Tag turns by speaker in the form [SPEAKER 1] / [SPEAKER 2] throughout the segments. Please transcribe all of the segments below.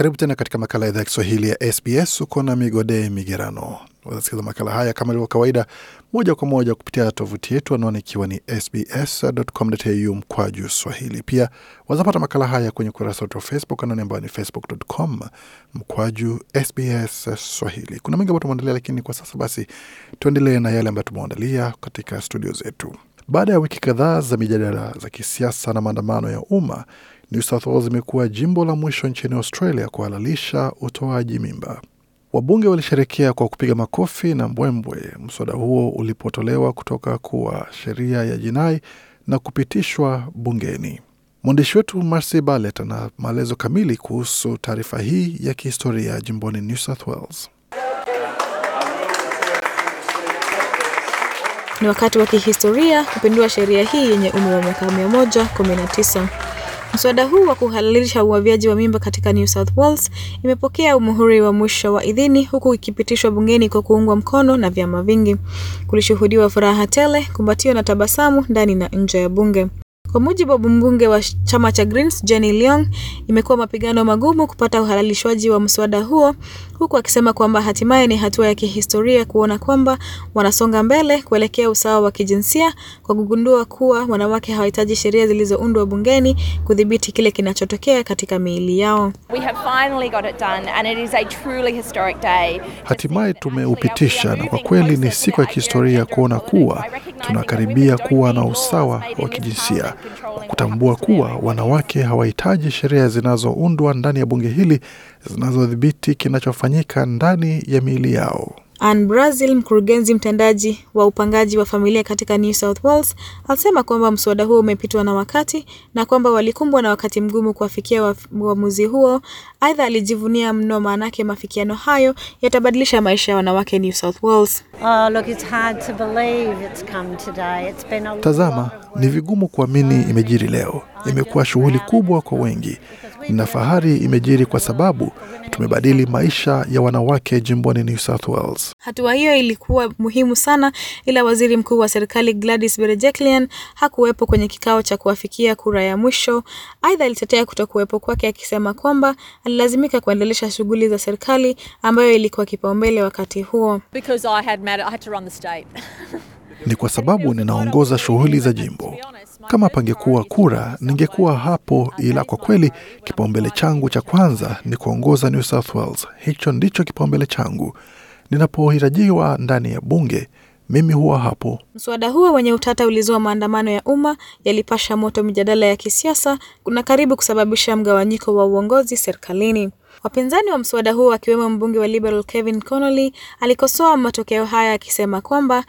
[SPEAKER 1] Karibu tena katika makala ya idhaa ya Kiswahili ya SBS. Uko na Migode Migerano. Wazasikiza makala haya kama ilivyo kawaida, moja kwa moja kupitia tovuti yetu, anwani ikiwa ni sbs.com.au mkwaju swahili. Pia wazapata makala haya kwenye ukurasa wetu wa Facebook, anwani ambayo ni facebook.com mkwaju sbs swahili. Kuna mengi ambayo tumeandalia, lakini kwa sasa basi tuendelee na yale ambayo tumeandalia katika studio zetu. Baada ya wiki kadhaa za mijadala za kisiasa na maandamano ya umma, New South Wales imekuwa jimbo la mwisho nchini Australia kuhalalisha utoaji mimba. Wabunge walisherekea kwa kupiga makofi na mbwembwe mswada huo ulipotolewa kutoka kuwa sheria ya jinai na kupitishwa bungeni. Mwandishi wetu Marcy Balet ana maelezo kamili kuhusu taarifa hii ya kihistoria jimboni New South Wales. Ni
[SPEAKER 2] wakati wa kihistoria kupindua sheria hii yenye umri wa miaka 119. Mswada huu wa kuhalalisha uavyaji wa mimba katika New South Wales imepokea umuhuri wa mwisho wa idhini huku ikipitishwa bungeni kwa kuungwa mkono na vyama vingi. Kulishuhudiwa furaha tele, kumbatio na tabasamu ndani na nje ya bunge. Kwa mujibu wa mbunge wa chama cha Greens Jenny Leong, imekuwa mapigano magumu kupata uhalalishwaji wa mswada huo huku akisema kwamba hatimaye ni hatua ya kihistoria kuona kwamba wanasonga mbele kuelekea usawa wa kijinsia kwa kugundua kuwa wanawake hawahitaji sheria zilizoundwa bungeni kudhibiti kile kinachotokea katika miili yao.
[SPEAKER 1] Hatimaye tumeupitisha, na kwa kweli ni siku ya kihistoria kuona kuwa tunakaribia kuwa na usawa wa kijinsia kwa kutambua kuwa wanawake hawahitaji sheria zinazoundwa ndani ya bunge hili zinazodhibiti kinachofanyika kufanyika ndani ya miili yao.
[SPEAKER 2] Ann Brazil, mkurugenzi mtendaji wa upangaji wa familia katika New South Wales, alisema kwamba mswada huo umepitwa na wakati na kwamba walikumbwa na wakati mgumu kuwafikia uamuzi huo. Aidha, alijivunia mno, maanake mafikiano hayo yatabadilisha maisha ya wanawake New South Wales. Oh, look, it's hard to believe it's come today. It's been a... Tazama,
[SPEAKER 1] ni vigumu kuamini imejiri leo imekuwa shughuli kubwa kwa wengi na fahari imejiri kwa sababu tumebadili maisha ya wanawake jimboni New South Wales.
[SPEAKER 2] Hatua hiyo ilikuwa muhimu sana, ila waziri mkuu wa serikali Gladys Berejiklian hakuwepo kwenye kikao cha kuafikia kura ya mwisho. Aidha, alitetea kutokuwepo kwake akisema kwamba alilazimika kuendelesha shughuli za serikali ambayo ilikuwa kipaumbele wakati huo.
[SPEAKER 1] Ni kwa sababu ninaongoza shughuli za jimbo kama pangekuwa kura, ningekuwa hapo, ila kwa kweli kipaumbele changu cha kwanza ni kuongoza New South Wales. Hicho ndicho kipaumbele changu. Ninapohitajiwa ndani ya bunge, mimi huwa hapo.
[SPEAKER 2] Mswada huo wenye utata ulizua maandamano ya umma, yalipasha moto mijadala ya kisiasa, kuna karibu kusababisha mgawanyiko wa uongozi serikalini. Wapinzani wa mswada huo akiwemo mbunge wa Liberal Kevin Connolly alikosoa matokeo haya akisema kwamba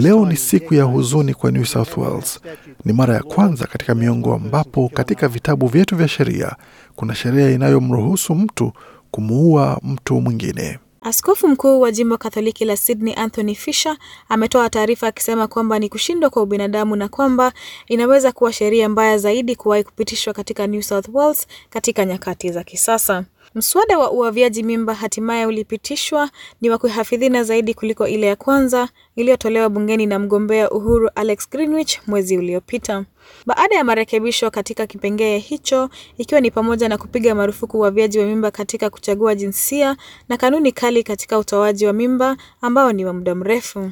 [SPEAKER 1] leo ni siku ya huzuni kwa New South Wales. Ni mara ya kwanza katika miongo ambapo katika vitabu vyetu vya sheria kuna sheria inayomruhusu mtu kumuua mtu mwingine.
[SPEAKER 2] Askofu mkuu wa jimbo Katoliki la Sydney Anthony Fisher ametoa taarifa akisema kwamba ni kushindwa kwa ubinadamu na kwamba inaweza kuwa sheria mbaya zaidi kuwahi kupitishwa katika New South Wales katika nyakati za kisasa. Mswada wa uaviaji mimba hatimaye ulipitishwa, ni wa kuhafidhina zaidi kuliko ile ya kwanza iliyotolewa bungeni na mgombea Uhuru Alex Greenwich mwezi uliopita. Baada ya marekebisho katika kipengee hicho, ikiwa ni pamoja na kupiga marufuku uaviaji wa mimba katika kuchagua jinsia na kanuni kali katika utoaji wa mimba ambao ni wa muda mrefu.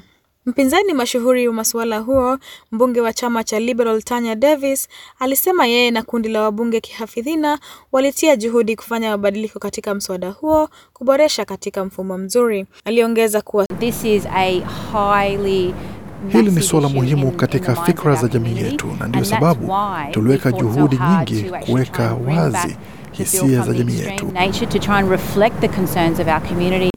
[SPEAKER 2] Mpinzani mashuhuri wa masuala huo, mbunge wa chama cha Liberal Tanya Davis, alisema yeye na kundi la wabunge kihafidhina walitia juhudi kufanya mabadiliko katika mswada huo kuboresha katika mfumo mzuri. Aliongeza kuwa This is a highly
[SPEAKER 1] Hili ni suala muhimu katika fikra za jamii yetu, na ndiyo sababu tuliweka juhudi nyingi kuweka wazi hisia za jamii yetu.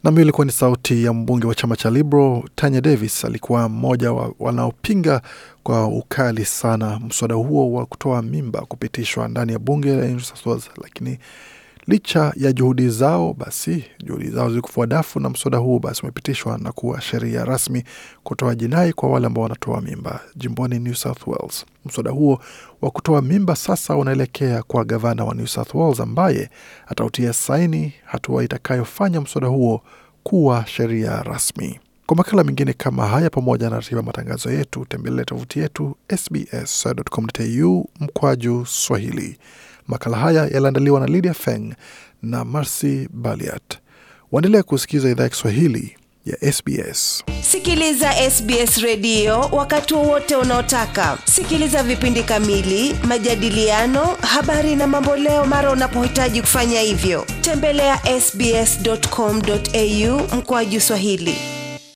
[SPEAKER 1] Nami ilikuwa ni sauti ya mbunge wa chama cha Liberal Tanya Davis, alikuwa mmoja wa wanaopinga kwa ukali sana mswada huo wa kutoa mimba kupitishwa ndani ya bunge la New South Wales, lakini Licha ya juhudi zao, basi juhudi zao zikufua dafu, na mswada huu basi umepitishwa na kuwa sheria rasmi kutoa jinai kwa wale ambao wanatoa mimba jimboni New South Wales. Mswada huo wa kutoa mimba sasa unaelekea kwa gavana wa New South Wales ambaye atautia saini, hatua itakayofanya mswada huo kuwa sheria rasmi. Kwa makala mengine kama haya pamoja na ratiba matangazo yetu, tembelea tovuti yetu sbs.com.au mkwaju Swahili. Makala haya yaliandaliwa na Lydia Feng na Marcy Baliat. Waendelea kusikiza idhaa ya Kiswahili ya SBS.
[SPEAKER 3] Sikiliza SBS redio wakati wowote unaotaka. Sikiliza vipindi kamili, majadiliano, habari na mamboleo mara unapohitaji kufanya hivyo. Tembelea ya sbs.com.au mkoaji Swahili.